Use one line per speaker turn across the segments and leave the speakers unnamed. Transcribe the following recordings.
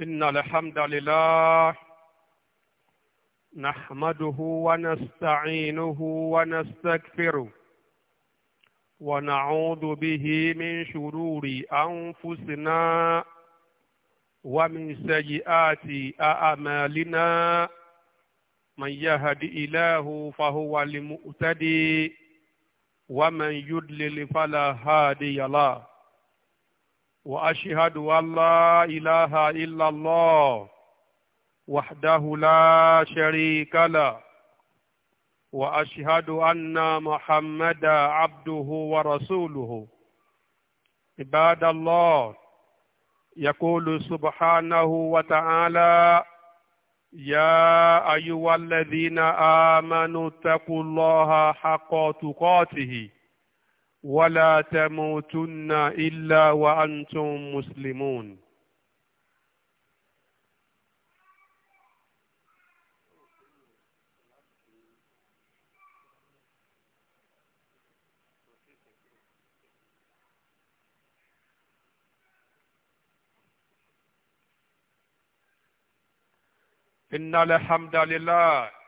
إن الحمد لله نحمده ونستعينه ونستغفره ونعوذ به من شرور أنفسنا ومن سيئات أعمالنا من يهد إله فهو المؤتدي ومن يدلل فلا هادي له واشهد ان لا اله الا الله وحده لا شريك له واشهد ان محمدا عبده ورسوله عباد الله يقول سبحانه وتعالى يا ايها الذين امنوا اتقوا الله حق تقاته ولا تموتن إلا وأنتم مسلمون إن الحمد لله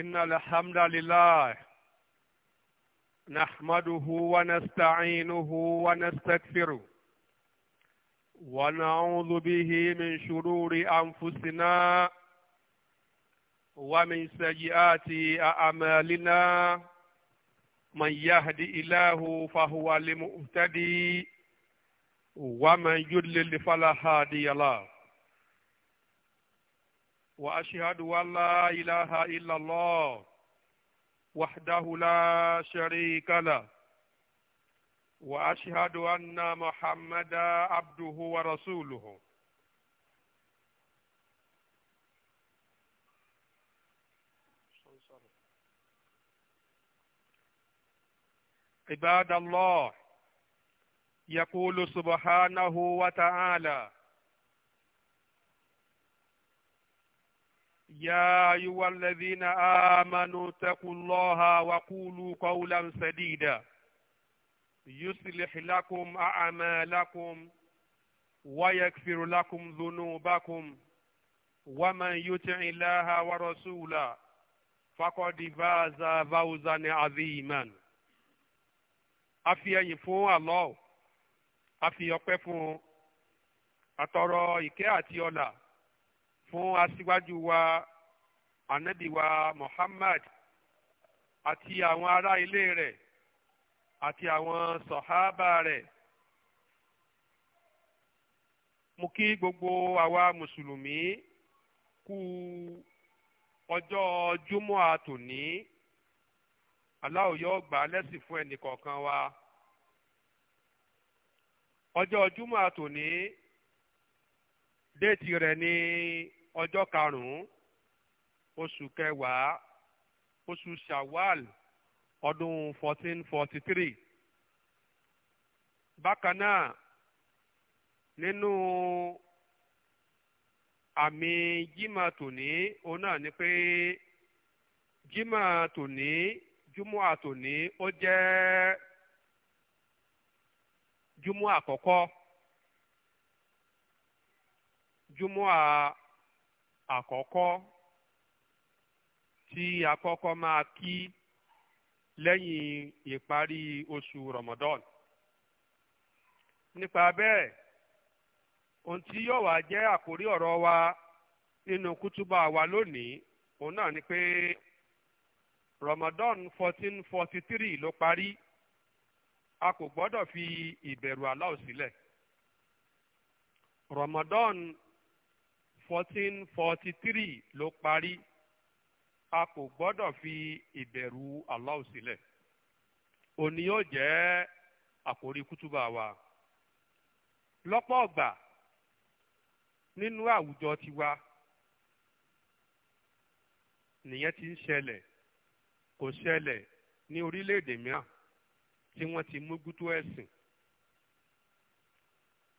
إن الحمد لله نحمده ونستعينه ونستكفره ونعوذ به من شرور أنفسنا ومن سيئات أعمالنا من يهدي إله فهو لمؤتدي ومن يضلل فلا هادي له وأشهد أن لا إله إلا الله وحده لا شريك له وأشهد أن محمدا عبده ورسوله عباد الله يقول سبحانه وتعالى يا أيها الذين آمنوا اتقوا الله وقولوا قولا سديدا يصلح لكم أعمالكم ويغفر لكم ذنوبكم ومن يطع الله ورسوله فقد فاز فوزا عظيما أفي يفون الله أفي يقفون أترى إكي أتيولا fún aṣíwájú wa ànábì Muhammad àti àwọn ará ilé rẹ̀ àti àwọn sọ̀hábà rẹ̀ mo kí gbogbo àwa mùsùlùmí kú ọjọ́ júmọ́ àtòní aláwo yóò gbà fún ẹnìkọ̀ọ̀kan wa ọjọ́ júmọ́ àtòní déètì rẹ̀ ni ọjọ́ karùn-ún oṣù kẹwàá oṣù shawal ọdún fourteen forty three bákan náà nínú àmì jimá tòní òun náà ni pé jimá tòní júmọ́ àtòní ó jẹ́ júmọ́ àkọ́kọ́ júmọ́ à. àkọ́kọ́ tí a kọ́kọ́ máa kí lẹ́yìn ìparí oṣù Ramadan nípa bẹ́ẹ̀ ohun tí yóò wá jẹ́ àkórí ọ̀rọ̀ wa nínú kútúbà wa lónìí òun náà ni pé Ramadan fourteen forty three ló parí a kò gbọ́dọ̀ fi ìbẹ̀rù Allah sílẹ̀ Ramadan fourteen forty three ló parí a kò gbọ́dọ̀ fi ìbẹ̀rù Allah sílẹ̀ òní yóò jẹ́ àkórí kútúbà wa lọ́pọ̀ ọ̀gbà nínú àwùjọ tiwa nìyẹn ti ń ṣẹlẹ̀ kò ṣẹlẹ̀ ní orílẹ̀-èdè mìíràn tí wọ́n ti mú gútú ẹ̀sìn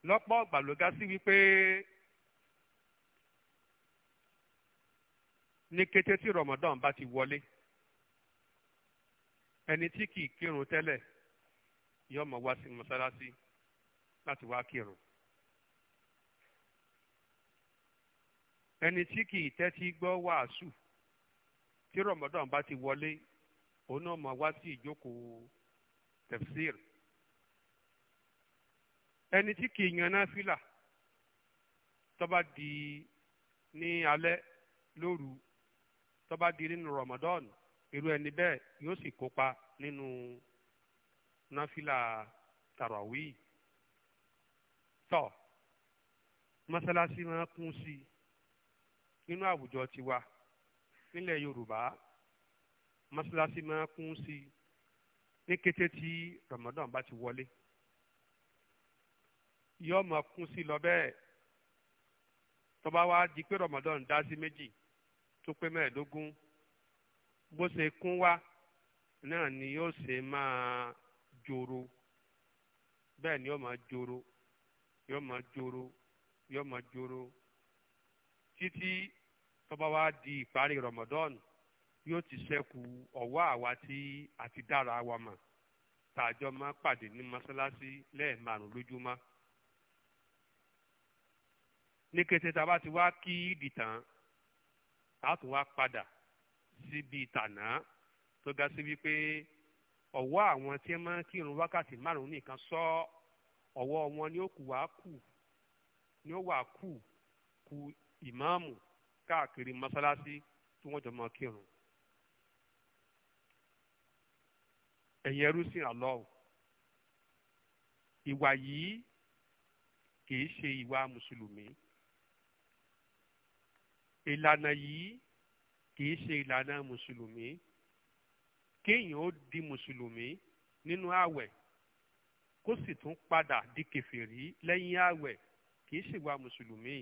lọ́pọ̀ ọ̀gbà ló ga sí wípé. ní kété tí Ramadan bá ti wọlé ẹni tí kì í kírun tẹ́lẹ̀ yóò máa wá sí mọ́sálásí láti wá kírun ẹni tí kì í tẹ́tí gbọ́ wàásù tí Ramadan bá ti wọlé òun náà máa wá sí ìjókòó tafsir ẹni tí kì í yan náfìlà tó di ní alẹ́ lóru tó bá di nínú Ramadan irú ẹni bẹ́ẹ̀ yóò sì kópa nínú náfìlà tàràwí tó mọ́sálásí máa kún sí nínú àwùjọ tiwa nílẹ̀ Yorùbá mọ́sálásí máa kún sí ní kété tí Ramadan bá ti wọlé yóò máa kún sí lọ bẹ́ẹ̀ tó bá di pé Ramadan dá sí méjì tó pé mẹ́ẹ̀ẹ́dógún bó ṣe kún wá náà ni yóò ṣe máa joro bẹ́ẹ̀ ni yóò máa joro yóò máa joro yóò máa joro títí tó wá di ìparí Ramadan yóò ti ṣẹ́kù ọ̀wọ́ àwa tí a ti dára wa mọ̀ tààjọ máa pàdé ní mọ́ṣáláṣí lẹ́ẹ̀márùn lójúmọ́ ní kété tá a bá ti wá kí ìdì a tún wá padà síbi tànà tó ga sí wípé ọ̀wọ́ àwọn tí wọ́n máa ń kírun wákàtí márùn-ún nìkan sọ ọ̀wọ́ wọn ni ó kù wá kù ni ó wà kù kù ìmáàmù káàkiri mọ́sálásí tí wọ́n jọ máa kírun. ẹ̀yin ẹrú sí àlọ́ọ̀ ìwà yìí kì í ṣe ìwà mùsùlùmí ìlànà yìí kìí ṣe ìlànà mùsùlùmí kéèyàn ó di mùsùlùmí nínú ààwẹ̀ kó sì tún padà di kèfèrí lẹ́yìn ààwẹ̀ kìí ṣèwà mùsùlùmí.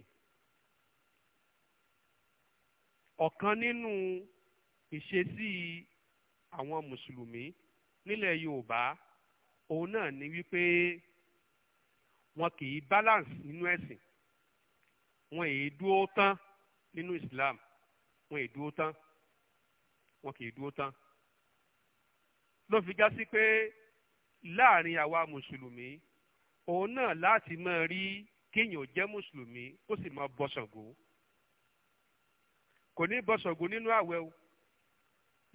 ọ̀kan nínú ìṣesí àwọn mùsùlùmí nílẹ̀ Yorùbá òun náà ni wípé wọn kìí balance nínú ẹ̀sìn wọn èyí dúró tán nínú Islam wọn kì í dúró tán wọn kì í dúró tán ló fi já sí pé láàrin àwa mùsùlùmí òun náà láti máa rí kéèyàn jẹ́ mùsùlùmí kó sì máa bọ Ṣàngó kò ní bọ Ṣàngó nínú àwẹ̀ o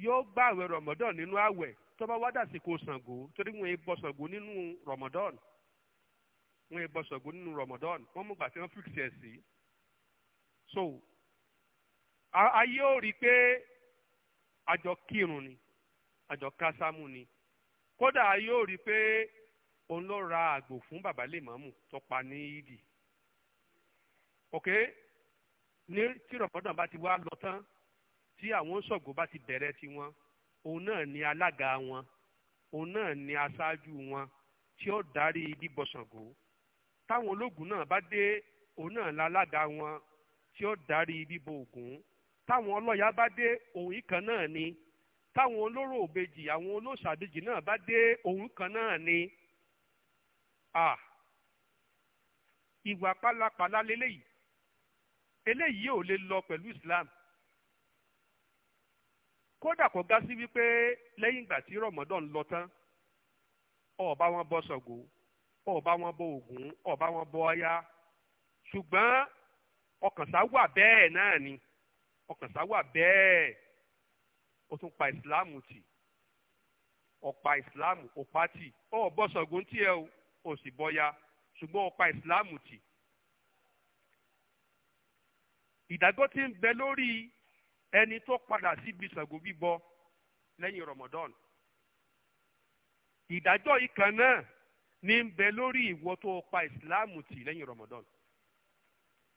yóò gba àwẹ̀ Ramadan nínú àwẹ̀ tó bá wá dàsìkò Ṣàngó torí wọn è bọ Ṣàngó nínú Ramadan wọn è bọ Ṣàngó nínú Ramadan wọn mú gbà tí wọn fìkì sí ẹ sí so ayé ò rí i pé àjọ kírun ni àjọ kásámù ni kódà ayé ò rí i pé òun ló ra àgbò fún bàbá tó pa ní ìdì ok ní tí rọ̀pọ̀dàn bá ti wá lọ tán tí àwọn sọ̀gbó bá ti bẹ̀rẹ̀ tiwọn òun náà ni alága wọn òun náà ni aṣáájú wọn tí ó darí bíbọ Ṣàngó táwọn ológun náà bá dé òun náà la alága wọn tí ó darí bíbọ Ògún táwọn ọlọ́yà bá dé òun kan náà ni táwọn olóró òbejì àwọn olóṣàbejì náà bá dé òun kan náà ni ìwà pálapàla lélẹ́yìí eléyìí ò lè lọ pẹ̀lú Islam kódà kò ga sí wípé lẹ́yìn ìgbà tí Ramadan lọ tán ó wọn bọ Ṣàngó ó wọn bọ Ògún ó wọn bọ Ọya ṣùgbọ́n ọkàn sá wà bẹ́ẹ̀ náà ni. ọkàn sáwà bẹ́ẹ̀ ó tún pa ìsìláàmù tì ọ̀pá ìsìláàmù ọ̀pá tì ó bọ́ sọ̀gùn tí ẹ ò sì bọ́ya ṣùgbọ́n ọ̀pá ìsìláàmù tì. ìdájọ́ ti ń bẹ lórí ẹni tó padà síbi Ṣàngó bíbọ lẹ́yìn Ramadan ìdájọ́ yìí kan náà ní ń bẹ lórí ìwọ tó pa ìsìláàmù tì lẹ́yìn Ramadan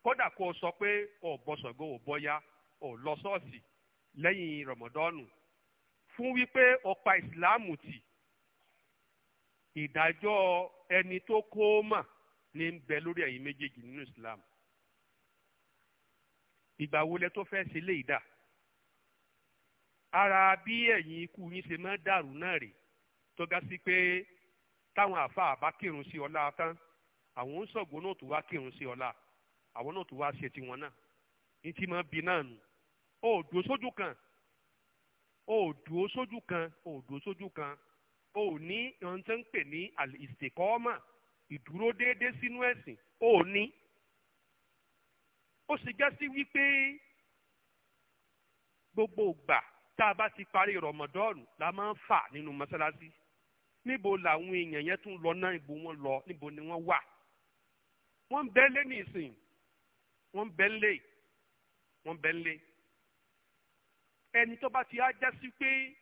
kódà kó o sọ pé ò lọ ṣọ́ọ̀ṣì lẹ́yìn rọ̀mọ̀dọ́nù fún wípé ó pa ìsìláàmù tì ìdájọ́ ẹni tó kó mà ní ń bẹ lórí ẹ̀yin méjèèjì nínú islam ìgbà wo lẹ tó fẹ́ ṣe lé ìdá ara bí ẹ̀yin ikú yín ṣe máa dàrú náà rèé tó ga sí pé táwọn àáfàá bá kírun sí ọlá tán àwọn ń sọ̀gbọ́n náà tó wá kírun sí ọlá àwọn náà tó wá ṣe tiwọn náà ní tí máa bi náà nù o ò dúró sójú kan o ò dúró sójú kan o ò dúró sójú kan o ò ní ohun tó ń pè ní ìsèkọ́ọ́mà ìdúró déédéé sínú ẹ̀sìn o ò ní. ó sì já sí wípé gbogbo ìgbà tá a bá ti parí rọmọdọ́ọ̀nù la máa ń fà nínú mọ́sálásí níbo làwọn èèyàn yẹn tún lọ náà ibo wọn lọ níbo ni wọ́n wà wọ́n ń bẹ́ńlé ní ìsìn wọ́n ń bẹ́ńlé wọ́n ń bẹ́ńlé ẹni tó bá ti á já pé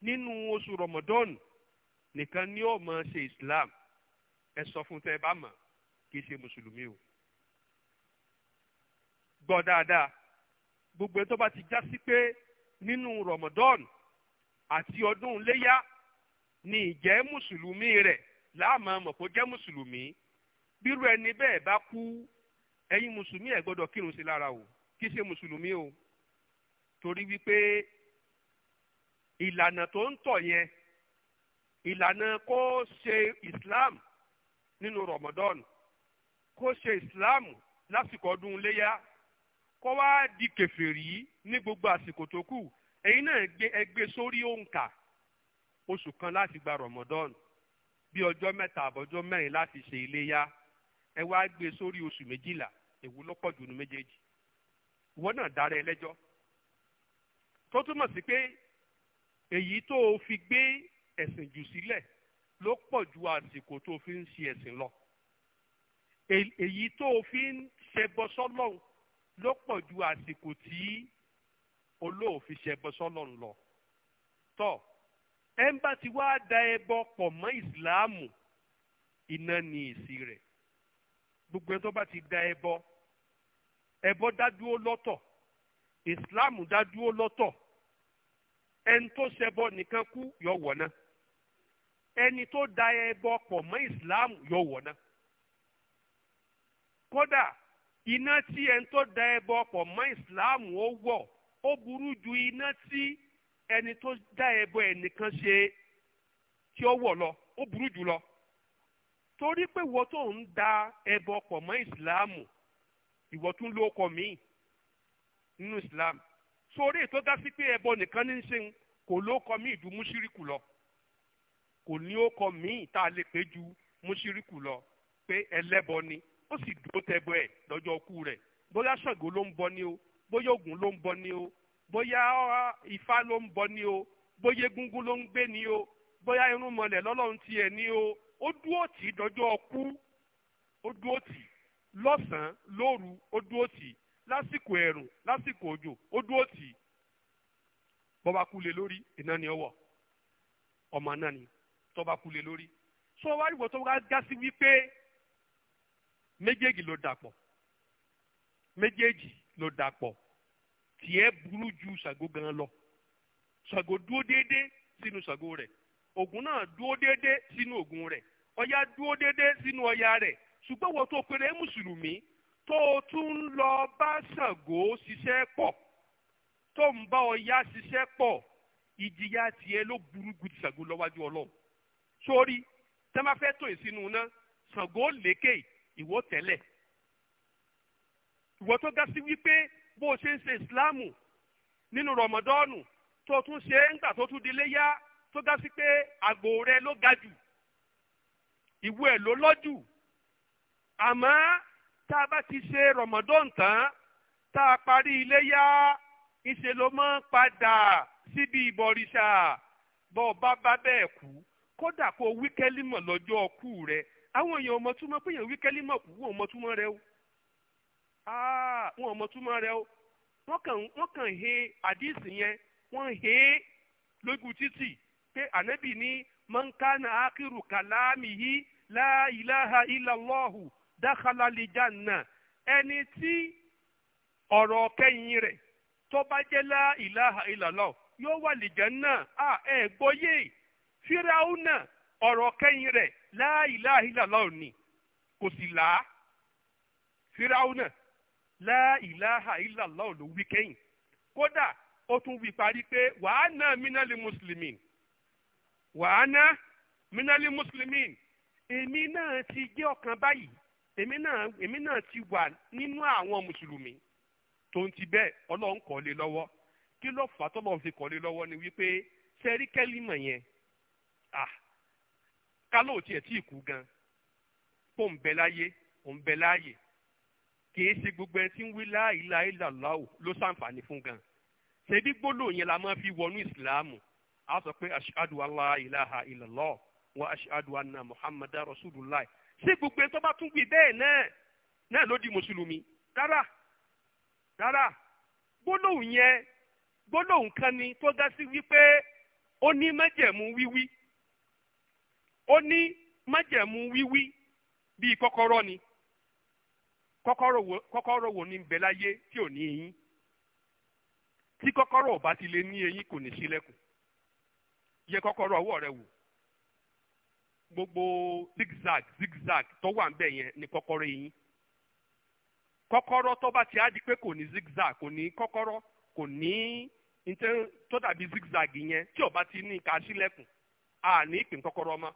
nínú oṣù Ramadan nìkan ni ó máa ṣe Islam ẹ sọ fún tẹ ẹ bá mọ̀ kì í ṣe mùsùlùmí o gbọ́ dáadáa gbogbo ẹni tó bá ti já pé nínú Ramadan àti ọdún léyà ni ìjẹ́ mùsùlùmí rẹ̀ láàmú ọmọ kó jẹ́ mùsùlùmí bírú ẹni bẹ́ẹ̀ bá kú ẹ̀yin mùsùlùmí ẹ̀ gbọ́dọ̀ kírun sí lára o kì í ṣe mùsùlùmí o torí wípé ìlànà tó ń tọ̀ yẹn ìlànà kó ṣe Islam nínú Ramadan kó ṣe Islam lásìkò ọdún iléyà kó wá di kèfèrí ní gbogbo àsìkò tó kù èyí náà ẹgbẹ́ sórí òǹkà oṣù kan láti gba Ramadan bí ọjọ́ mẹ́ta àbọ̀jọ́ mẹ́rin láti ṣe iléyà ẹ wá gbé sórí oṣù méjìlá èwo ló jù nínú méjèèjì ìwọ náà dára ẹ tó túmọ̀ sí pé èyí tó o fi gbé ẹ̀sìn jù sílẹ̀ ló pọ̀ ju àsìkò tó o fi ń ṣe ẹ̀sìn lọ èyí tó o fi ń ṣẹbọ sọ́lọ́run ló pọ̀ ju àsìkò tí olóòfin ṣẹbọ sọ́lọ́run lọ tọ́ ẹ̀ńbà tí wàá da ẹbọ pọ̀ mọ́ ìsìláàmù iná ni èsì rẹ̀ gbogbo ẹ̀ tó bá ti da ẹbọ ẹbọ dádúró lọ́tọ̀ ìsìláàmù dádúró lọ́tọ̀ ẹni tó ṣẹbọ nìkan kú yọ wọ̀ náà ẹni tó da ẹbọ pọ̀ mọ́ islam yọ wọ̀ náà kódà iná tí ẹni tó da ẹbọ pọ̀ mọ́ islam ó wọ̀ ó burú ju iná tí ẹni tó da ẹbọ ẹnìkan ṣe tí ó wọ̀ lọ ó burú jù lọ torí pé ìwọ tó ń da ẹbọ pọ̀ mọ́ islam ìwọ tún lóko míì nínú islam. No sórí ètò ga pé ẹbọ nìkan ní í ṣe kò ló kọ mí ìdú múṣíríkù lọ kò ní ó kọ mí tá lè pé ju múṣíríkù lọ pé ẹlẹ́bọ ni ó sì dúró tẹbọ ẹ̀ lọ́jọ́ ọkú rẹ̀ bóyá Ṣàngó ló ń bọ ni o bóyá Ògún ló ń bọ ni o bóyá Ifá ló ń bọ ni o bóyá egúngún ló ń gbé ni o bóyá irúnmọlẹ̀ lọ́lọ́run tiẹ̀ ni o ó dúró tì í dọ́jọ́ ọkú ó dúró tì í lọ́sàn lóru ó dúró tì í lásìkò ẹ̀rùn lásìkò òjò ó dúró tì í bọ́ba kúlé lórí iná ni ọwọ́ ọmọ náà ni tọ́ba kúlé lórí tó wá ìwọ tó wá já sí wípé méjèèjì ló dàpọ̀ méjèèjì ló dàpọ̀ tiẹ̀ burú ju ṣàgó gan lọ ṣàgó dúró déédé sínú ṣàgó rẹ̀ ògùn náà dúró déédé sínú ògùn rẹ̀ ọya dúró déédé sínú ọya rẹ̀ ṣùgbọ́n wọ́n tó mùsùlùmí tó o tún ń lọ bá Ṣàngó ṣiṣẹ́ pọ̀ tó ń bá Ọya ṣiṣẹ́ pọ̀ ìjìyà tiẹ̀ ló burú gidi Ṣàngó lọ́wájú Ọlọ́run sórí tẹ́ máa fẹ́ tó ìsinú náà Ṣàngó lékè ìwọ tẹ́lẹ̀ ìwọ tó ga sí wípé bó o ṣe ń ṣe ìsìláàmù nínú rọmọdọ́ọ̀nù tó tún ṣe ń gbà tó tún di léyà tó ga sí pé àgbò rẹ ló ga jù ìwọ ẹ̀ ló lọ́jù àmọ́ tá a bá ti ṣe rọ̀mọ́dọ́n tán tá a parí iléyá ìṣe ló máa ń padà síbi ìbọ̀rìṣà bọ́ ọba bá bẹ́ẹ̀ kú kódà kó wíkẹ́límọ̀ lọ́jọ́ ọkú rẹ̀ àwọn èèyàn ọmọ túmọ̀ pé èèyàn wíkẹ́límọ̀ kú wọn ọmọ túmọ̀ o wọn ọmọ túmọ̀ rẹ yẹn wọn he dakhala lijanna ẹni tí ọ̀rọ̀ kẹ́yìn rẹ̀ tó bá jẹ́ la ilaha illallah yóò wà lìjánná à ẹ̀ gbọ́yé fíráúnà ọ̀rọ̀ kẹ́yìn rẹ̀ la ilaha illallah ni kò sì là á fíráúnà la ilaha illallah ló wí kẹ́yìn kódà ó tún wí parí pé wàá ná mínálì mùsùlùmí wàá ná mínálì mùsùlùmí èmi náà ti jẹ́ ọ̀kan báyìí èmi náà èmi náà ti wà nínú àwọn mùsùlùmí tó ń ti bẹ́ẹ̀ ọlọ́run kọ́ lọ́wọ́ kí ló fà tọ́lọ́run fi kọ́ lọ́wọ́ ni wípé sẹ́rí kẹ́límọ̀ yẹn ah kálọ̀ tiẹ̀ tí ì kú gan kó ń bẹ láyé ò ń bẹ láàyè kì í ṣe gbogbo ẹni tí ń wí láìláìláìláwò ló ṣàǹfààní fún gan ṣebí gbólóò yẹn la máa fi wọnú ìsìláàmù a sọ pé ashadu allah ilaha illallah wa ashadu anna muhammadan rasulullah ṣé gbogbo ẹni tó bá tún wí bẹ́ẹ̀ náà náà ló di mùsùlùmí rárá rárá gbólóhùn yẹn gbólóhùn kan ni tó ga sí wípé ó ní májẹ̀mú wíwí ó ní májẹ̀mú wíwí bíi kọ́kọ́rọ́ ni kọ́kọ́rọ́ wo ni ń bẹ tí ò ní eyín tí kọ́kọ́rọ́ ti lè ní eyín kò ní sílẹ̀kùn yẹ kọ́kọ́rọ́ ọwọ́ rẹ wò gbogbo zigzag zigzag tó wà ń bẹ̀ yẹn ni kọ́kọ́rọ́ eyín kọ́kọ́rọ́ tó bá ti á di pé kò ní zigzag kò ní kọ́kọ́rọ́ kò ní ntẹ tó dàbí zigzag yẹn tí ó bá ti ní ká sílẹ̀kùn a ní ìpín kọ́kọ́rọ́ mọ́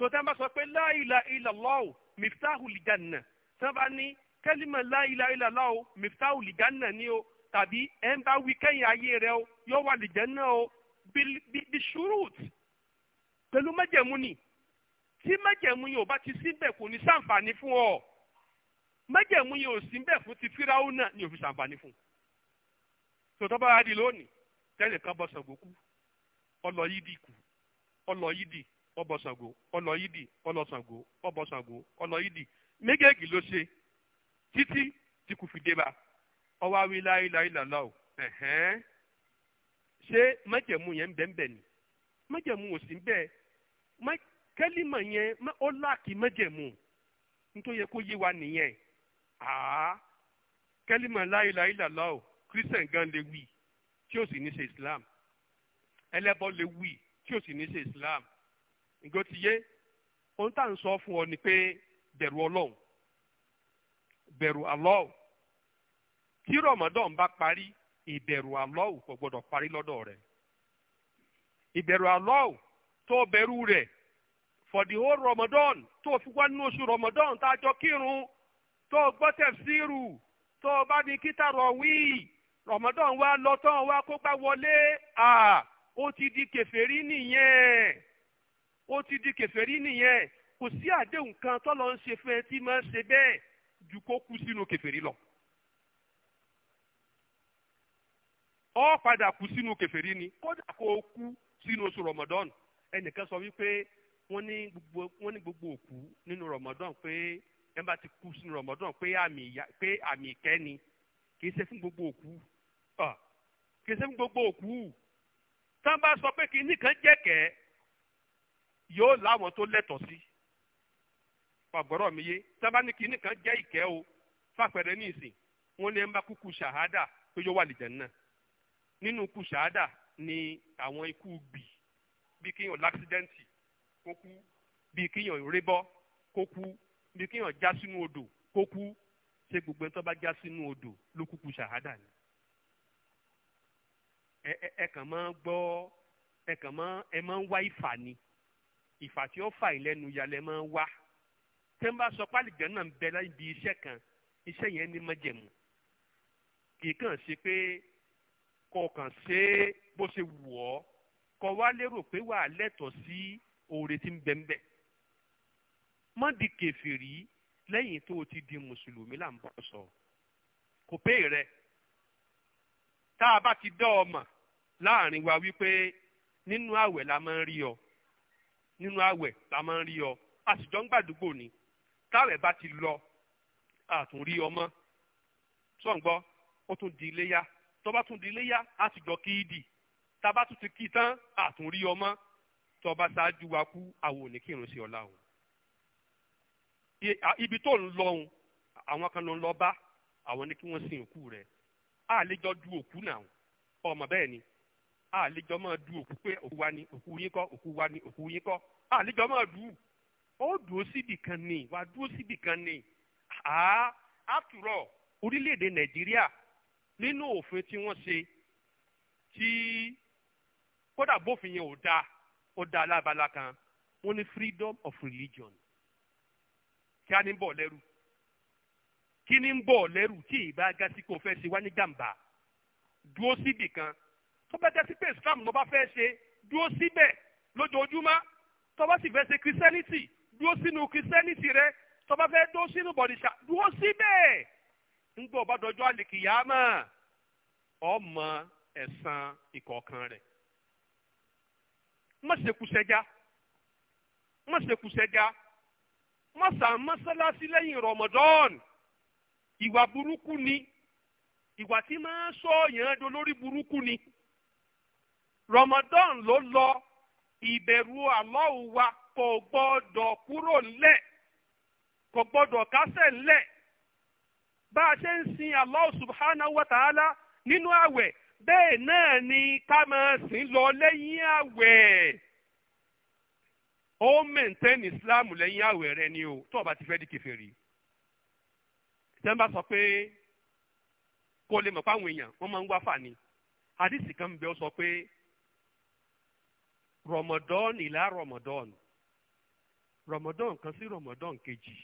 sọtẹ́ bá sọ pé la ilaha illallah miftahul janna tẹ́ bá ní kẹ́límà la ilaha illallah miftahul ni o tàbí ẹ̀ ń bá wí kẹ́yìn ayé rẹ o yóò wà lìjẹ́ náà o bí ṣúrùt pẹ̀lú mẹ́jẹ̀mú ni tí májẹ̀mú yẹn ò bá ti síbẹ̀ kò ní sàǹfààní fún ọ májẹ̀mú yẹn ò síbẹ̀ fún ti fíráwó náà ni ò fi sàǹfààní fún un tòótọ́ bá wá di lónìí tẹ́lẹ̀ kan bọ́ Ṣàngó kú ọlọ yìí di kù ọlọ yìí di ọbọ Ṣàngó ọlọ yìí di ọlọ Ṣàngó ọbọ Ṣàngó ọlọ yìí di méjèèjì ló ṣe títí tí kò fi dé bá ọwọ́ awí láìláìlàlá o ṣé májẹ̀mú yẹn ń bẹ́ẹ̀ bẹ́ẹ̀ ni májẹ̀mú ò sí bẹ́ẹ̀ kẹ́límà yẹn ó láàkì mẹ́jẹ̀mú nítorí kó yé wa nìyẹn àá o gan lè wí tí ó sì ní ṣe islam ẹlẹ́bọ lè wí tí ó sì ní islam ǹgọ́ ti yé ohun tá à ń sọ fún ọ ni pé bẹ̀rù ọlọ́run bẹ̀rù Allah tí Ramadan bá parí ìbẹ̀rù Allah kò gbọdọ̀ parí for the whole Ramadan tó fi wá nínú oṣù Ramadan tá a jọ kírun tó gbọ́ tẹ̀síìrù tó bá ní kíta rọ̀ wí Ramadan wa lọ tán wá kó gbá wọlé ó ti di kèfèrí nìyẹn ó ti di kèfèrí nìyẹn kò sí àdéhùn kan tọ́lọ́ ń ṣe fún ẹ tí máa ń ṣe bẹ́ẹ̀ ju kó kú sínú kèfèrí lọ. ó padà kú sínú kèfèrí ni kódà kó kú sínú oṣù Ramadan ẹnìkan sọ wípé wọ́n ní gbogbo wọ́n ní gbogbo òkú nínú Ramadan pé ẹ bá ti kú sínú Ramadan pé àmì ìyà pé àmì ìkẹ́ ni kì í ṣe fún gbogbo òkú kì í ṣe fún gbogbo òkú tá a bá sọ pé kí nìkan jẹ́kẹ́ yóò láwọn tó lẹ́tọ̀ọ́ sí ọ̀gbọ́rọ̀ mi yé tá a bá ní kí nìkan jẹ́ ìkẹ́ o fàpẹẹrẹ ní ìsìn wọ́n ní ẹ bá kúkú ṣàhádà pé yóò wà lìjẹ̀ náà nínú ikú ni àwọn ikú bì bí kí n ò láksidẹ́ǹtì kó kú bíi kíyàn rébọ́ kó kú bíi kíyàn já sínú odò kó kú ṣé gbogbo ẹni tó bá já sínú odò ló kúkú ṣàhádà ni. ẹ ẹ ẹ kàn máa gbọ́ ẹ kàn máa ẹ máa ń wá ìfà ni ìfà tí ó fà ìlẹ́nu yalẹ̀ máa ń wá tẹ́ ń bá sọ pálí jẹ́ náà ń bẹ láìbi iṣẹ́ kan iṣẹ́ yẹn ní májẹ̀mú kì í kàn ṣe pé kọ̀ọ̀kan ṣe bó ṣe wù ọ́ kọ wá lérò pé wà á lẹ́tọ̀ọ́ sí oore tí ń bẹ ń bẹ má di kèfèrí lẹ́yìn tó o ti di mùsùlùmí là ń bọ̀ sọ kò pé rẹ tá a bá ti dọ́ ọ láàrin wa wípé nínú àwẹ̀ la máa ń rí ọ nínú àwẹ̀ la máa ń rí ọ a ń gbàdúgbò ni táwẹ̀ bá ti lọ àtúnrí ọmọ tó ń gbọ́ ó tún di iléyá tó bá tún di iléyá a sì dì tá a bá tún ti kí i tán àtúnrí ọmọ tó bá ṣáájú wa kú àwọn ò ní kírun sí ọlá o ibi tó ń lọ òun àwọn kan ló ń lọ bá àwọn ní kí wọ́n sin òkú rẹ̀ àlejò du òkú náà ọmọ bẹ́ẹ̀ ni àlejò máa du òkú pé òkú wa ni òkú yín kọ́ òkú wa ni òkú yín kọ́ àlejò máa du ó dúró síbì kan ni wàá dúró síbì kan ni àtúrọ̀ orílẹ̀-èdè nàìjíríà nínú òfin tí wọ́n ṣe tí kódà bófin yẹn ò dáa ó dá alábala kan wọ́n ní freedom of religion kí á ní bọ̀ lẹ́rù kí ní bọ̀ lẹ́rù tí ìbá ga sí kò fẹ́ ṣe wá ní gàmbá dúró síbì kan tó bá jẹ́ sí pé Islam ló bá fẹ́ ṣe dúró síbẹ̀ lójoojúmọ́ tó bá sì fẹ́ ṣe Christianity dúró sínú Christianity rẹ tó bá fẹ́ dúró sínú bọ̀dìṣà dúró síbẹ̀ ńgbọ́ bá dọjọ́ àlèkìyàmọ̀ ọmọ ẹ̀san ìkọ̀ọ̀kan rẹ̀ má ṣekúṣẹjá má ṣekúṣẹjá má sà mọ́sálásí lẹ́yìn Ramadan ìwà burúkú ni ìwà tí máa ń sọ yẹn do lórí burúkú ni Ramadan ló lọ ìbẹ̀rù Allah wa kò gbọ́dọ̀ kúrò ńlẹ̀ kò gbọ́dọ̀ kásẹ̀ ńlẹ̀ bá a ṣe ń sin Allah subhanahu wa ta'ala nínú àwẹ̀ bẹ́ẹ̀ náà ni ká máa sìn lọ lẹ́yìn àwẹ̀ ó mẹ̀ntẹ́n islam lẹ́yìn àwẹ̀ rẹ ni o tó o bá ti fẹ́ di kèfèrí ìtẹ́nbà sọ pé kó lè mọ̀ páwọn èèyàn wọ́n máa ń wá fàní hadisi kan bẹ́ẹ̀ sọ pé rọmọdọ́ọ̀nì ìlà rọmọdọ́ọ̀nì rọmọdọ́ọ̀n kan sí rọmọdọ́ọ̀n kejì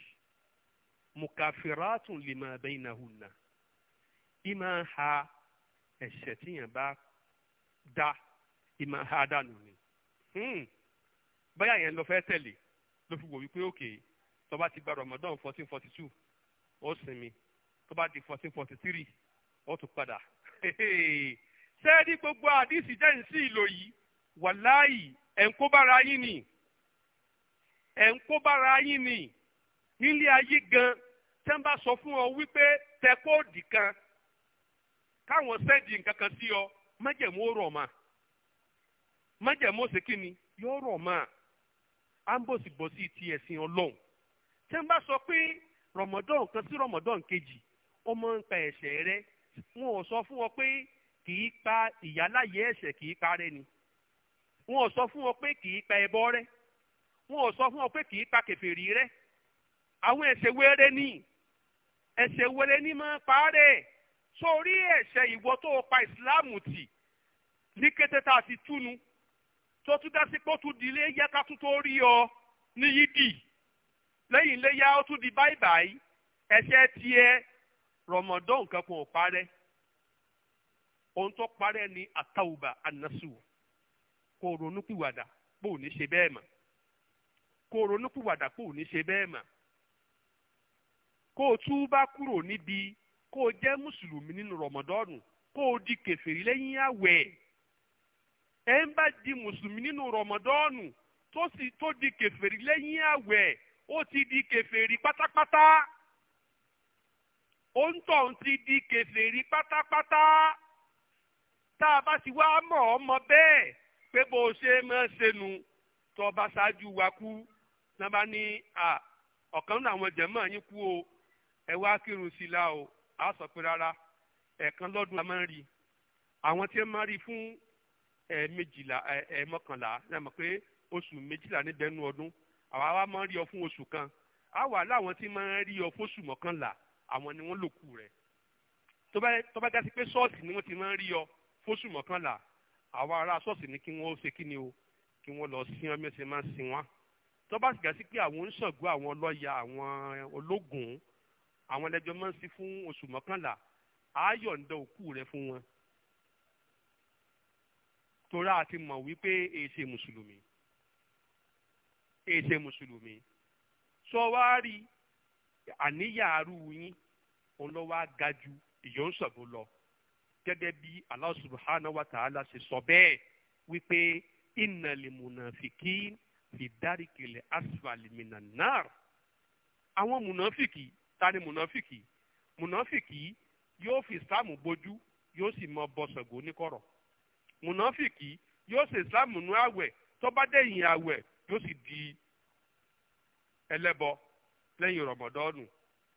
mukafiratun lima bainahunna ìmọ̀ ha ẹ̀ṣẹ̀ tíyàn bá dá ìmọ̀ ha dànù ni hmm. báyà yẹn lọ fẹ́ tẹ̀lé ló fi wò wípé òkè tó ti gba Ramadan fourteen forty two ó sinmi tó bá di fourteen forty three ó tún padà sẹ́ẹ̀dí gbogbo àdìsí jẹ́ ìsí ìlò yìí wàláyì ẹ̀ ń yín ni ẹ̀ yín ni nílé ayé gan tẹ́ ń bá sọ fún ọ wípé tẹ kóòdì kan káwọn sẹ́ẹ̀dì nǹkan kan sí ọ májẹ̀mú ó rọ̀ mà májẹ̀mú ó ṣe kí ni yóò rọ̀ mà á ń bòsìbòsì ti ẹ̀sìn ọlọ́run tí wọ́n bá sọ pé rọ̀mọ́dọ́n kan sí rọ̀mọ́dọ́n kejì ó máa ń pa ẹ̀ṣẹ̀ rẹ wọn ò sọ fún ọ pé kì í pa ìyáláyé ẹ̀ṣẹ̀ kì í parẹ́ ni wọn ò sọ fún ọ pé kì í pa ẹbọ rẹ wọn ò sọ fún ọ pé kì í pa kèfèrí rẹ àwọn ẹ̀ṣẹ̀ wẹ́rẹ́ ni ẹ̀ṣẹ̀ wẹ́rẹ́ ni máa parẹ́ sórí ẹ̀ṣẹ̀ ìwọ tó pa ìsìláàmù tì ní kété tá a ti túnu tó tún dá sí pé ó tún di iléyá ká tún tó rí ọ ní yídì lẹ́yìn iléyá ó tún di báìbáì ẹ̀ṣẹ̀ tiẹ̀ rọmọdán nǹkan kan ò parẹ́ ohun tó parẹ́ ni àtàwùbà ànásù kò ronúpìwàdà pò ní ṣe bẹ́ẹ̀ mọ́ kò ronúpìwàdà pò ní ṣe bẹ́ẹ̀ mọ́ kó o tún bá kúrò níbi kó jẹ́ mùsùlùmí nínú rọmọdọ́ọ̀nù kó o di kèfèrí lẹ́yìn àwẹ̀ ẹ̀ ń bá di mùsùlùmí nínú rọmọdọ́ọ̀nù tó sì tó di kèfèrí lẹ́yìn àwẹ̀ ó ti di kèfèrí pátápátá ó ń tọ̀ ń ti di kèfèrí pátápátá tá a bá ti wá mọ̀ ọmọ bẹ́ẹ̀ pé bó o ṣe máa ṣe nu tó bá ṣáájú wa kú náà bá ní ọ̀kan náà àwọn jẹ̀mọ́ yín kú o ẹ wá kírun sí i lá o. á sọ pé rárá ẹ̀ẹ̀kan lọ́dún la máa ń rí àwọn tí wọ́n máa rí fún ẹ̀ẹ̀mejìlá ẹ̀ẹ̀mọ́kànlá ẹ mọ̀ pé oṣù méjìlá níbẹ̀ nú ọdún àwa wa máa ń rí ọ fún oṣù kan àwa láwọn tí máa ń rí ọ fóṣù mọ́kànlá àwọn ni wọ́n lò kù rẹ̀ tó bá gasi pé ṣọ́ọ̀ṣì ni wọ́n ti máa ń rí ọ fóṣù mọ́kànlá àwa ará ṣọ́ọ̀ṣì ni kí wọ́n ṣe kí ni o kí wọ́n lọ sí ọmọ ẹsẹ̀ máa ń sin wọn tó bá sì gasi pé àwọn oníṣàngó àwọn ọlọ́ya àwọn ológun àwọn ẹlẹ́jọ́ máa ń sí fún oṣù mọ́kànlá àáyọ̀ǹda òkú rẹ̀ fún wọn torá àti mọ̀ wípé èsè mùsùlùmí èsè mùsùlùmí sọ wá rí àníyàn arú yín òun lọ wá ga ju ìyọ̀nsọ̀bù lọ gẹ́gẹ́ bí Allah subhanahu wa ta'ala sọ bẹ́ẹ̀ wípé innal munafiqin fi dárìkìlẹ̀ asfali minan nar àwọn mùnàfìkì ta ni mùnàfìkì mùnàfìkì yóò fi ìsìláàmù bojú yóò sì mọ bọ̀sọ̀gò níkọ̀rọ̀ mùnàfìkì yóò ṣe ìsìláàmù nú àwẹ̀ tó bá dẹ̀yìn àwẹ̀ yóò sì di ẹlẹ́bọ lẹ́yìn rọ̀mọ̀dọ́nù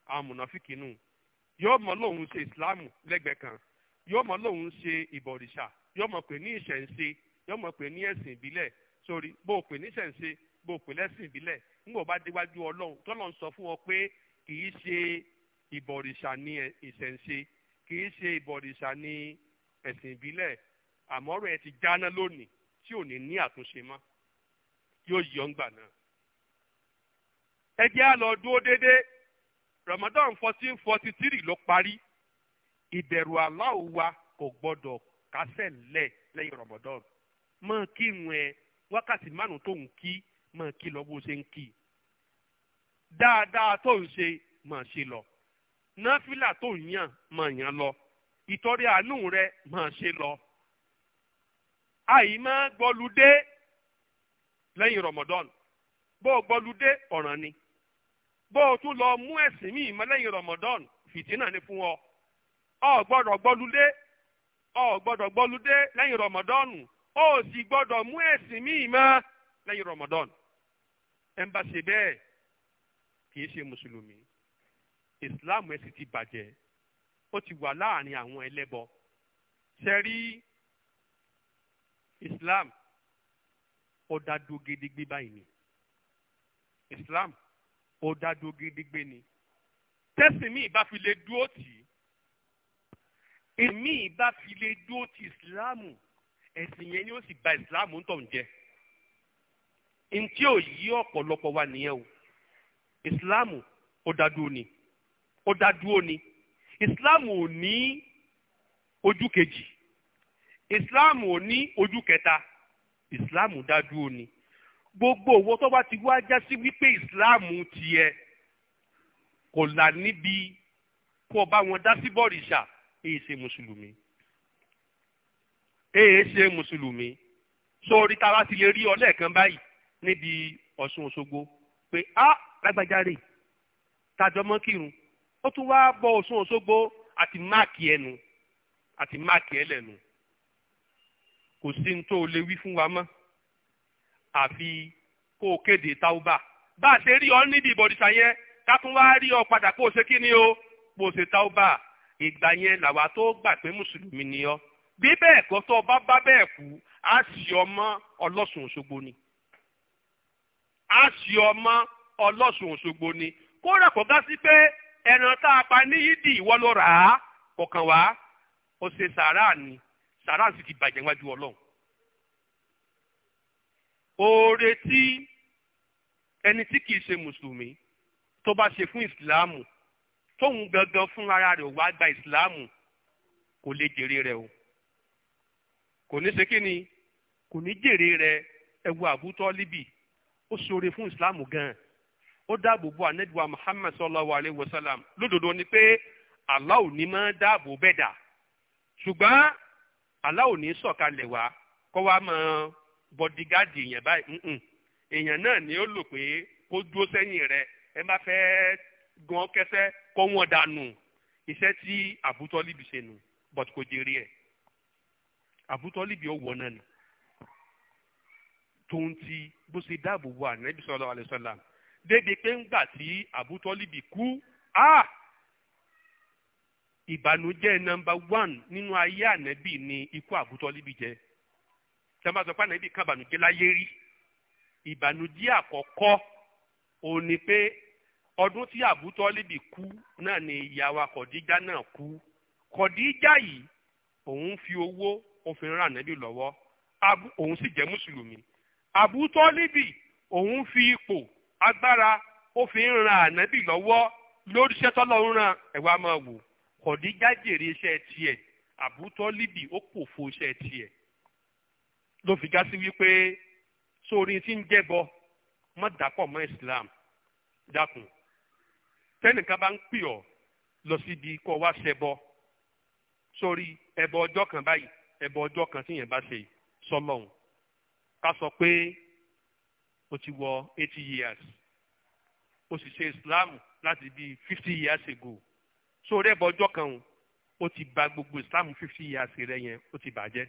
àwọn mùnàfìkì nù yóò mọ lòun ṣe ìsìláàmù lẹ́gbẹ̀ẹ́ kan yóò mọ lòun ṣe ìbọ̀rìṣà yóò mọ pé ní ìṣẹ̀ǹṣe yóò mọ pé ní ẹ̀sìn ìbílẹ̀ sórí bó o pè ní ìṣẹ̀ǹṣe bó o pè lẹ́sìn ìbílẹ̀ nígbà bá déwájú ọlọ́run tọ́lọ́ kì í ṣe ìbọ̀rìṣà ní ìṣẹ̀ǹṣe kì í ṣe ìbọ̀rìṣà ní ẹ̀sìn ìbílẹ̀ àmọ́ rẹ̀ ti jáná lónìí tí ò ní ní àtúnṣe mọ́ yóò yọ ńgbà náà. ẹ á lọ dúró dédé Ramadan fourteen forty three ló parí ìbẹ̀rù aláwo wa kò gbọ́dọ̀ kásẹ̀ lẹ̀ lẹ́yìn Ramadan mọ́ kírun ẹ wákàtí márùn-ún tó ń kí mọ́ kí lọ́wọ́ ṣe ń kí i. dáadáa tó ń ṣe máa ṣe lọ náfìlà tó ń yàn yàn lọ ìtọ́rẹ àánú rẹ máa ṣe lọ àyímá gbọ́ludé lẹ́yìn Ramadan bó o gbọ́ludé ọ̀ràn ni bó o tún lọ mú ẹ̀sìn mi mọ́ lẹ́yìn fìtínà ni fún ọ ọ gbọ́dọ̀ ọ gbọ́dọ̀ gbọ́ludé lẹ́yìn Ramadan o sì gbọ́dọ̀ mú ẹ̀sìn mi mọ́ lẹ́yìn Ramadan ẹ̀ ń kìí ṣe mùsùlùmí ìsìláàmù ẹ sì ti bàjẹ́ ó ti wà láàrin àwọn ẹlẹ́bọ ṣe rí islam ó dá dúró gédégbé báyìí ni islam ó dá dúró gédégbé ni tẹ́sí mi ìbá fi lè dúró tì í èmi ìbá fi lè dúró ti ìsìláàmù ẹ̀sìn yẹn ni ó sì bà ìsìláàmù ń tọ̀ ń jẹ́ ntí ò yí ọ̀pọ̀lọpọ̀ wa nìyẹn o ìsìláàmù ó dádúró ni ó dádúró ni ìsìláàmù ò ní ojú kejì ìsìláàmù ò ní ojú kẹta ìsìláàmù dádúró ni gbogbo owó tó bá ti wá já sí wípé ìsìláàmù tiẹ̀ kò là níbi kó o bá wọn dá sí bọ́rìṣà èyí e ṣe mùsùlùmí èyí e ṣe mùsùlùmí sórí tá a bá ti lè rí ọ lẹ́ẹ̀kan báyìí níbi Ọ̀ṣun Òṣogbo pé a. Ah, lágbájá rè tájọ mọ́ kírun ó tún wá bọ Ọ̀ṣun Òṣogbo àti máàkì ẹnu àti máàkì ẹlẹ́nu kò sí ní tó lè wí fún wa mọ́ àfi kó o kéde táúbà bá a ṣe rí ọ níbi ìbọ̀dìṣà yẹn ká tún wá rí ọ padà kó o ṣe kí ni o kó o ṣe táúbà ìgbà yẹn làwa tó gbà pé mùsùlùmí ni ọ bí bẹ́ẹ̀ kọ́ tó bá bá bẹ́ẹ̀ kú á sì ọmọ ọlọ́sùn òṣogbo ni á sì ọmọ ọlọ́sùn òṣogbo ni kódà kò gá sí pé ẹran tá a pa ní yídì ìwọ ló rà á kọ̀ọ̀kan wá ó ṣe sàárà ni sàárà sì ti bàjẹ́ wájú ọlọ́run. oore tí ẹni tí kìí ṣe mùsùlùmí tó bá ṣe fún ìsìláàmù tóun gangan fún ara rẹ̀ wá gba ìsìláàmù kò lè jèrè rẹ̀ o kò ní ṣe kí ni kò ní jèrè rẹ̀ ẹ àbútọ́ líbì ó ṣoore fún ìsìláàmù gan-an ó dáàbò bo anẹ́dùwà Muhammad sallallahu alayhi wa sallam lódodo ni pé Allah ò ní máa dáàbò bẹ́ẹ̀ dà ṣùgbọ́n Allah ò ní sọ̀kalẹ̀ wá kó wá máa bọ́dígáàdì èèyàn báyìí èèyàn náà ni ó lò pé kó dúró sẹ́yìn rẹ̀ ẹ bá fẹ́ gan kẹsẹ́ kó wọn dànù iṣẹ́ tí àbútọ́líbi ṣe nù bọ̀t kò jèrè ẹ̀ àbútọ́líbi ó wọ̀ náà ni tó ń ti bó ṣe dáàbò bo ànábì sallallahu alayhi wa sallam débi pé ńgbà tí àbútọ́líbì kú ah ìbànújẹ́ nọ́mbà one nínú ayé ànẹ́bì ni ikú àbútọ́líbì jẹ́ tẹ́lẹ̀ máa sọ pé ànẹ́bì kan ìbànújẹ́ láyé rí ìbànújẹ́ àkọ́kọ́ òun ni pé ọdún tí àbútọ́líbì kú náà ni ìyàwó kọ̀díjà náà kú kọ̀díjà yìí òun fi owó òfin ràn ànẹ́bì lọ́wọ́ òun sì jẹ́ mùsùlùmí àbútọ́líbì òun fi ipò agbára ó fi ń ran ànábì lọ́wọ́ lórí iṣẹ́ tọ́lọ́run rán ẹ̀wà máa wò kọ̀díjà jèrè iṣẹ́ tiẹ̀ àbútọ́ líbì ó pòfo iṣẹ́ tiẹ̀ ló fi já sí wípé sórí tí ń jẹ́bọ má dàpọ̀ mọ́ Islam dákun tẹ́nìkan bá ń pè ọ́ lọ síbi kó wá ṣẹbọ sórí ẹbọ ọjọ́ kan báyìí ẹbọ ọjọ́ kan tíyẹn bá ṣe sọlọ́hún ká sọ pé ó ti wọ eighty years ó sì ṣe islam láti bíi fifty years ago so rẹ bọ ọjọ́ kan ó ti bà gbogbo islam fifty years rẹ yẹn ó ti bàjẹ́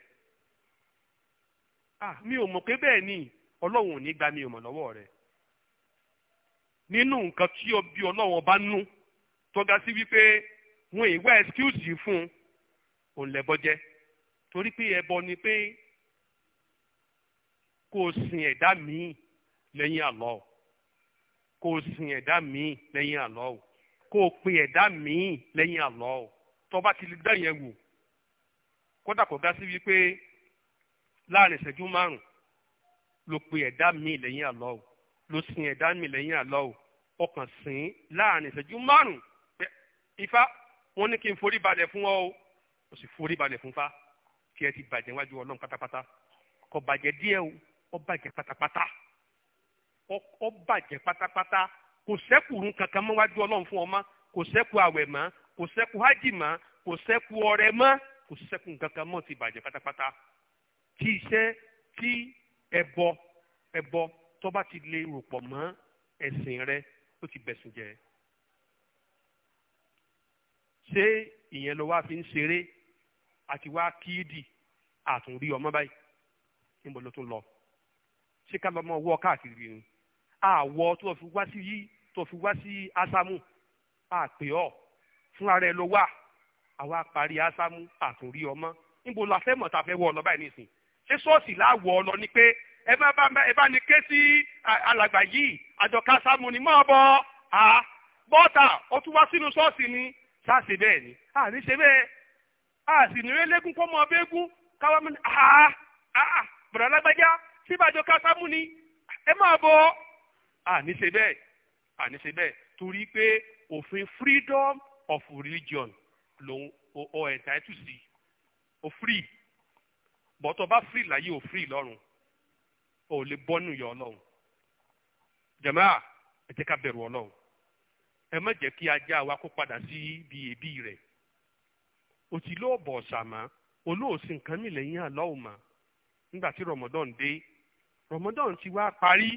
ah mi ò mọ̀ pé bẹ́ẹ̀ ni ọlọ́run ò ní gba mi ò mọ̀ lọ́wọ́ rẹ̀ nínú nǹkan tí ó bí ọlọ́run ọba nú tọ́ga sí wípé wọn ìwá ẹ́skíùsì fún òun lẹ́bọ jẹ́ torí pé ẹbọ ni pé kò sin ẹ̀dá míì lẹ́yìn Allah kó o sin ẹ̀dá míì lẹ́yìn Allah kó o pe ẹ̀dá míì lẹ́yìn Allah tó bá ti lè dá yẹn wò kódà kò dá sí wípé láàrin ìṣẹ́jú márùn ló pe ẹ̀dá míì lẹ́yìn Allah ló sin ẹ̀dá míì lẹ́yìn Allah ọkàn sìn láàrin ìṣẹ́jú márùn ifá wọn ní kí n forí balẹ̀ fún ọ o kò sì forí balẹ̀ fún fa kí ẹ ti bàjẹ́ wájú ọlọ́run pátápátá kò bàjẹ́ díẹ̀ o ó bàjẹ́ pátápátá ọ bàjẹ́ pátápátá kò sẹ́kùrún kankan mọ́ wájú ọlọ́run fún ọmọ kò sẹ́kù àwẹ̀ mọ́ kò sẹ́kù hajj mọ́ kò sẹ́kù ọrẹ mọ́ kò sẹ́kù kankan mọ́ ti bàjẹ́ pátápátá tí iṣẹ́ tí ẹbọ ẹbọ tó bá ti lè rò pọ̀ mọ́ ẹ̀sìn rẹ ó ti bẹ̀sùn jẹ́ ṣé ìyẹn ló wá fi ń ṣeré àti wá kíìdì àtúnrí ọmọ báyìí níbo ló tún lọ ṣé ká lọ́mọ wọ́ káàkiri ni àwọ̀ tó fi wá sí yìí tó fi wá sí ásámù àpè ọ́ fúnra rẹ̀ ló wà àwa parí ásámù àtúrí ọmọ níbo la fẹ́ mọ̀ tá a fẹ́ wọ ọ lọ báyìí nìsín ṣé ṣọ́ọ̀ṣì láwọ̀ ọ lọ ni pé ẹ bá ẹ bá ní ké sí alàgbà yìí àjọ kásámù ni máa bọ̀ á bọ́tà ó tún wá sínú ṣọ́ọ̀ṣì ni sáà ṣe bẹ́ẹ̀ ni àní ṣe bẹ́ẹ̀ àti ní elégún kọ́ mọ abẹ́gún káwọn mọ ní àá àá bùrọ̀lágbájá síbàjọ́ kásámù ni ẹ máa bọ̀ àní ṣe bẹ́ẹ̀ àní ṣe bẹ́ẹ̀ torí pé òfin freedom of religion lòun o ẹ̀ńtáìtù sí o free bọ́tọ̀ bá free láyé o free lọ́run o lè bọ́nù yọ ọlọ́run jàmáà ẹ jẹ́ ká bẹ̀rù ọlọ́run ẹ má jẹ́ kí ajá wa kó padà sí ibi èébì rẹ̀ o ti lóò bọ̀ ṣàmá olóòsì nǹkan mi lẹ́yìn àlọ́ òmà nígbà tí Ramadan dé Ramadan ti wá parí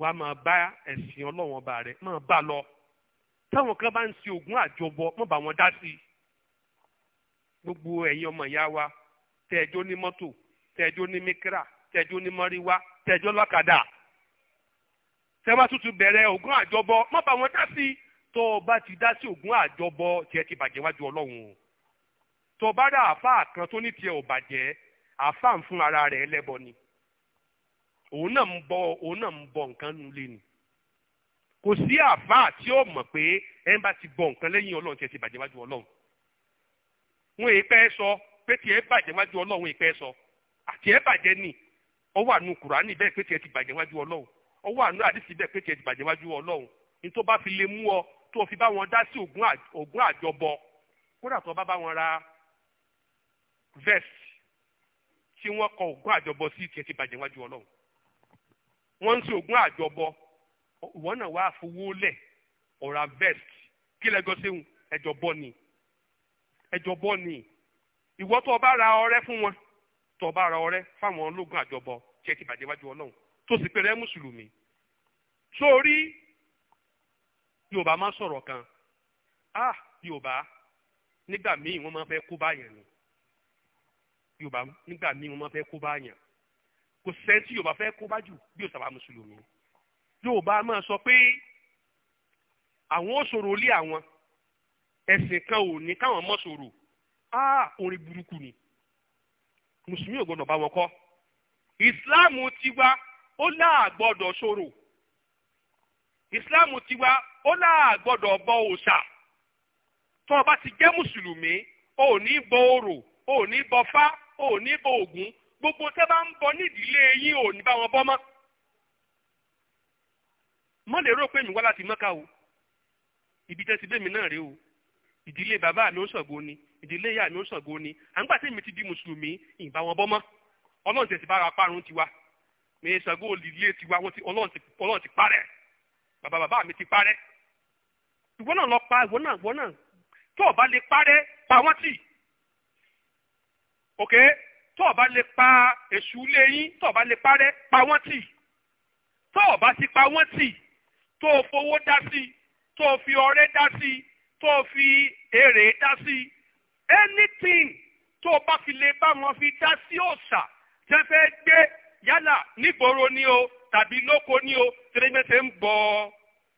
wàá máa bá ẹ̀sìn ọlọ́wọ́n ọba rẹ̀ máa bá lọ táwọn kan bá ń ṣe ògùn àjọbọ mọ̀ bá wọn dá sí i gbogbo ẹ̀yin ọmọ ìyá wa tẹ̀jọ́ ní mọ́tò tẹ̀jọ́ ní mikra tẹ̀jọ́ ní mọ́ríwá tẹ̀jọ́ lọ́kadà tẹ́wá tuntun bẹ̀rẹ̀ ògùn àjọbọ mọ̀ bá wọn dá sí i tó o bá ti dá sí ògùn àjọbọ tiẹ̀ ti bàjẹ́ wájú ọlọ́run o tó o bá dá àáfàá kan tó ní tiẹ̀ ò bàjẹ́ àáfàá ń fún ara rẹ̀ ẹlẹ́bọ ni òun náà ń bọ òun náà ń bọ nǹkan nu lé ni kò sí àfáà tí ó mọ̀ pé ẹ bá ti bọ nǹkan lẹ́yìn ọlọ́run tí ẹ ti bàjẹ́ wájú ọlọ́run wọn èyí pẹ́ sọ pé tiẹ̀ bàjẹ́ wájú ọlọ́run èyí pẹ́ sọ àti ẹ bàjẹ́ ni ó wà nù kùránì bẹ́ẹ̀ pé tiẹ̀ ti bàjẹ́ wájú ọlọ́run ó wà nù àdìsí bẹ́ẹ̀ pé tiẹ̀ ti bàjẹ́ wájú ọlọ́run ní tó bá fi lè mú ọ tó fi bá wọn dá sí ògùn àjọbọ kódà tó bá bá wọn ra vest tí wọ́n kọ ògùn àjọbọ sí tiẹ̀ ti bàjẹ́ wájú ọlọ́run wọ́n ń sin ògùn àjọbọ ìwọ náà wàá fowó lẹ̀ ọ̀rà vest kí lẹ́gọ́ sẹ́hùn ẹ̀jọ̀ bọ́ ni ẹ̀jọ̀ bọ́ ni ìwọ tó o bá ra ọrẹ fún wọn tó o bá ra ọrẹ fáwọn ológun àjọbọ tí ẹ ti bàjẹ́ wájú ọlọ́run tó sì pé rẹ mùsùlùmí sórí yorùbá máa sọ̀rọ̀ kan ah yorùbá nígbà míì wọ́n máa fẹ́ kó báyẹn ni yorùbá nígbà míì wọ́n máa fẹ́ kó báyẹn kò sẹ́ni tí yorùbá fẹ́ kó bá jù bí òsàbà mùsùlùmí yorùbá máa sọ pé àwọn ò sọ̀rọ̀ lé àwọn ẹ̀sìn kan ò ní káwọn mọ̀ sọ̀rọ̀ á orin burúkú ni mùsùlùmí ò gbọdọ̀ bá wọn kọ́ ìsìláàmù tiwa ó láàgbọ́dọ̀ sọ̀rọ̀ ìsìláàmù tiwa ó láàgbọ́dọ̀ bọ òòṣà tó o bá ti jẹ́ mùsùlùmí o ò ní bọ orò o ò ní bọ fá o ò ní bọ ògún gbogbo tẹ́ bá ń bọ nídìílé yín ò ní bá wọn bọ́ mọ́ mọ lè rò pé mi wá láti mọ́ka o ibi tẹ́ ti bẹ́ẹ̀ mi náà rèé o ìdílé bàbá mi ń ṣọ̀gbó ni ìdílé ìyá mi ń ṣọ̀gbó ni à ń gbà tí mi ti di mùsùlùmí ìbá wọn bọ́ mọ́ ọlọ́run tẹ̀sí bá ara parun tiwa mi ṣàgbó olùdílé tiwa wọn ti ọlọ́run ti parẹ́ bàbá bàbá mi ti parẹ́ ìwọ náà lọ pa ìwọ náà ìwọ náà tó o bá lè parẹ́ pa wọ́n tì tó o bá lè pa èṣù lé yín tó o bá lè parẹ́ pa wọ́n tì tó o bá ti pa wọ́n tì tó o fowó dá sí tó o fi ọrẹ dá sí tó o fi èrè dá sí anything tó o bá fi lè bá wọn fi dá sí òòṣà jẹ́ fẹ́ gbé yálà nígboro ni o tàbí lóko ni o tẹ́lẹ̀mẹ́tẹ́ ń bọ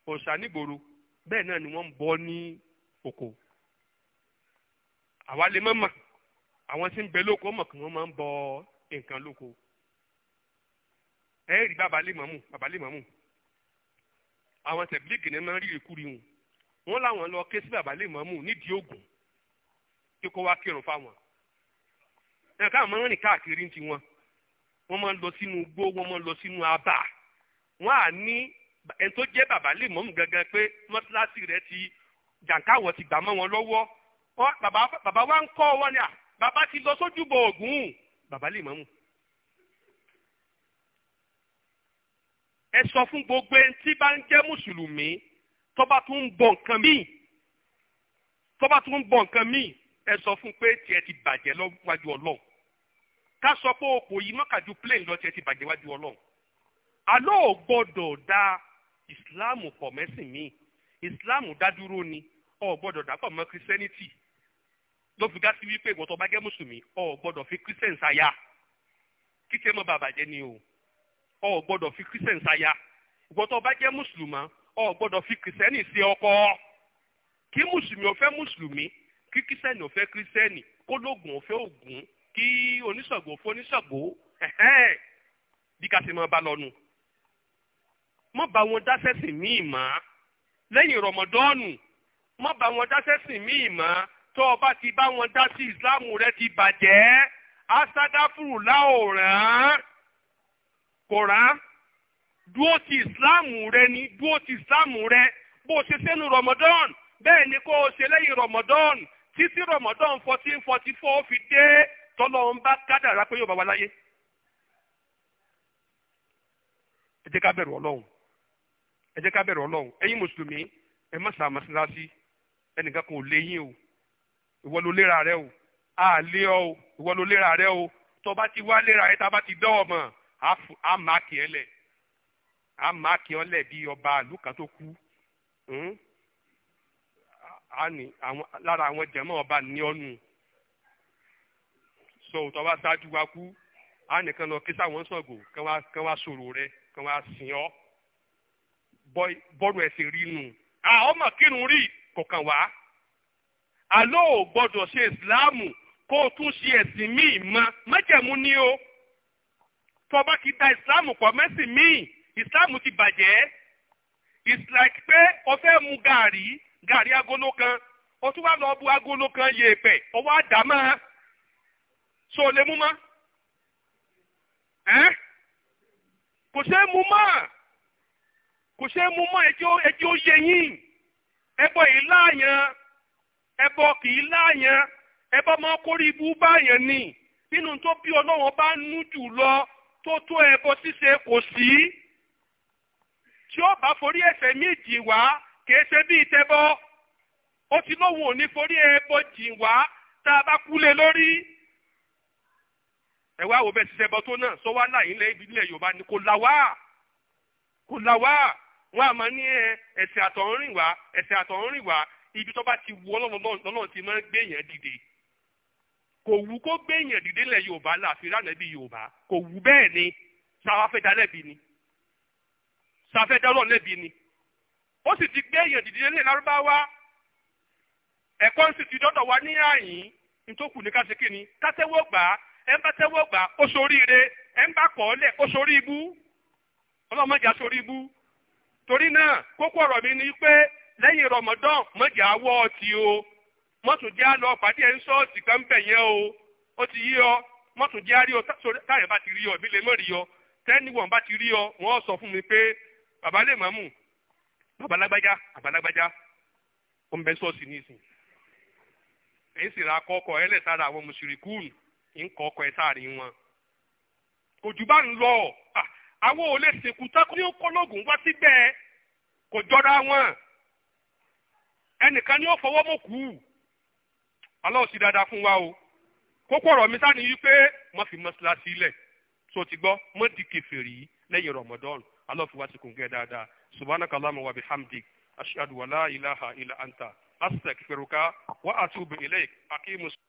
òòṣà nígboro bẹ́ẹ̀ náà ni wọ́n ń bọ ní oko àwa lè mọ̀ mọ̀ àwọn tí ń bẹ lóko mọ̀ kí wọ́n máa ń bọ nǹkan lóko ẹ rí bàbá lè mọ̀mù bàbá lè àwọn tẹ̀bílíkì ni máa ń rí ìkúri wọn wọn làwọn lọ ké sí bàbá lè mọ̀mù nídìí ògùn kí kó wá kírun fáwọn ẹ káwọn máa ń rìn káàkiri ti wọn wọn máa ń lọ sínú igbó wọn máa ń lọ sínú abà wọn à ní ẹni tó jẹ́ bàbá lè gangan pé mọ́tíláṣí rẹ ti jàǹkáwọ̀ ti gbà mọ́ wọn lọ́wọ́ bàbá wa ń kọ́ wọn ni à bàbá ti lọ sójúbọ Ògún bàbá lè mọ́mù. ẹ sọ fún gbogbo ẹni tí bá ń jẹ́ mùsùlùmí tó bá tún ń bọ nǹkan míì tó bá tún ń bọ nǹkan míì ẹ sọ fún pé tiẹ̀ ti bàjẹ́ lọ́wájú ọlọ́run ká sọ pé òpò yìí mọ́kàjú plane lọ tiẹ̀ ti bàjẹ́ wájú ọlọ́run àlọ́ ò gbọ́dọ̀ da ìsìláàmù pọ̀ mẹ́sìn míì ìsìláàmù dádúró ni ò gbọ́dọ̀ dàpọ̀ mọ́ kírísítẹ́nìtì ló fi gásí wípé ìwọ tó bá jẹ́ mùsùlùmí o ò gbọ́dọ̀ fi christian sáyà kí tiẹ̀ mọ́ bàbà jẹ́ ni o o ò gbọ́dọ̀ fi christian sáyà ìwọ tó bá jẹ́ mùsùlùmá o ò gbọ́dọ̀ fi kìrìsẹ́nì sí ọkọ kí mùsùlùmí ò fẹ́ mùsùlùmí kí kìrìsẹ́nì ò fẹ́ kìrìsẹ́nì kólógùn ò fẹ́ ògùn kí oníṣàgbò ò fẹ́ oníṣàgbò bí ká ṣe máa bá lọ́nu mọ́ bá wọn dáṣẹ́sìn míì mọ́ lẹ́yìn rọmọdọ́ọ̀nù mọ́ bá wọn dáṣẹ́sìn míì mọ́ tó o bá ti bá wọn dá sí islam rẹ ti bàjẹ́ asádàfùrù láòrán kò rán dúó ti islam rẹ ni dúó ti islam rẹ bó o ṣe sẹ́nu ramadan bẹ́ẹ̀ ni kó o ṣe lẹ́yìn ramadan títí ramadan fourteen forty four fi dé tọ́lọ́ ń bá kádàrá pé yóò bá wa láyé. ẹ jẹ́ ká bẹ̀rù ọlọ́run ẹ jẹ́ ká bẹ̀rù ọlọ́run ẹ̀yin mùsùlùmí ẹ má sàmásíláṣí ẹnìkan kò léyìn o ìwọ ló lera rẹ o àlè ọ o ìwọ ló lera rẹ o tó bá ti wá lera rẹ tá a bá ti dọ́wọ́ mọ̀ á máa kì ẹ́ lẹ̀ á máa kì ọ́ lẹ̀ bí ọba àlù kan tó kú hmm? lára àwọn jẹ̀mọ́ ọba ní ọ́nù sọ òótọ́ bá ṣáájú wa kú á nìkan lọ kí sáwọn sọ̀gò kán wá sọ̀rọ̀ rẹ kán wá sìn ọ́ bọ́ọ̀lù ẹ̀sìn rí nù. àwọn ọmọ kírun rí kọ̀ọ̀kan wá àlọ́ ò gbọ́dọ̀ ṣe ìsìláàmù kó o tún ṣe ẹ̀sìn míì mọ́ májẹ̀mú ni o tọba kì í da ìsìláàmù pọ̀ mẹ́sìn míì ìsìláàmù ti bàjẹ́ it's like pé o fẹ́ mu gàrí gàrí agolo kan o tún wá lọ bu agolo kan yèèpẹ̀ o wá dà á mọ́ so lè mú mọ́ ẹ́ kò ṣe é mú mọ́ kò ṣe é mú mọ́ ẹjọ́ ẹjọ́ yẹ yín ẹbọ yìí láàyàn ẹbọ kì í láàyàn ẹbọ máa kórè ibú báyàn ni nínú tó bí ọlọ́wọ́n bá nú jù lọ tó tó ẹbọ ṣíṣe kò sí tí ó bá forí ẹ̀ṣẹ̀ méjì wá kì í ṣe bí ìtẹbọ ó ti lóhùn òní forí ẹbọ jì wá tá a bá kú lé lórí ẹ wo bẹ́ẹ̀ ti ṣẹbọ tó náà sọ wá láyìn ilẹ̀ Yorùbá ni kò là wá kò là wá wọn àmọ́ ní ẹsẹ̀ àtọ̀húnrìn wá ẹsẹ̀ àtọ̀húnrìn wá ibi tó bá ti wu ọlọ́run lọ́nà ti máa ń gbé èèyàn dìde kò wù kó gbé èèyàn dìde lẹ̀ yorùbá láàfin ránàbí yorùbá kò wù bẹ́ẹ̀ ni sáwá fẹ́ dá lẹ́bi ni sáwá fẹ́ dá ọlọ́run lẹ́bi ni ó sì ti gbé èèyàn dìde lẹ̀ lárúbáwá ẹ̀kọ́ sì ti dọ́dọ̀ wá ní àyín nítòkù ní kásìkì ni kátẹ́wọ́ gbà á ẹ̀ ń bá tẹ́wọ́ gbà á ó soríire ẹ̀ ń bá kọ́ ọ́ lẹ̀ ó ọlọ́mọdé torí náà kókó ọ̀rọ̀ mi ni pé lẹ́yìn Ramadan mọ̀jà wọ́ ọtí o mọ̀tòjá lọ pàdé ẹ̀ ń sọ́ọ̀tì kan bẹ̀ yẹn o ó ti yí ọ mọ̀tòjá rí ọ táyà bá ti rí ọ ìbílẹ̀ mọ̀ rí ọ tẹ́niwọ̀n bá ti rí ọ wọ́n sọ fún mi pé bàbá lè mọ̀ mù bàbá lágbájá bàbá lágbájá ó ń bẹ sọ́ọ̀sì nísìn ẹ̀yìn sì ra kọ́kọ́ ẹ̀ lẹ́sàrà àwọn mùsùlùkùn ń kọ́ ọkọ̀ ẹ̀ sáàrin wọn kò bá ń lọ àwọn ò lè sèkú tákùn yóò kọ́ lóògùn wá síbẹ̀ kò jọra wọn ẹnìkan ni ó fọwọ́ mọ̀ kú Allah sì dáadáa fún wa o kókó ọ̀rọ̀ mi sáà ni wípé mo fi mọ́ṣáláṣí lẹ̀ tó ti gbọ́ mo di kèfèrí lẹ́yìn Ramadan Allah fi wá sí kùn gẹ́ dáadáa subhanaka Allahumma wa bihamdik ashhadu wa la ilaha illa anta astaghfiruka wa atubu ilayk aqimus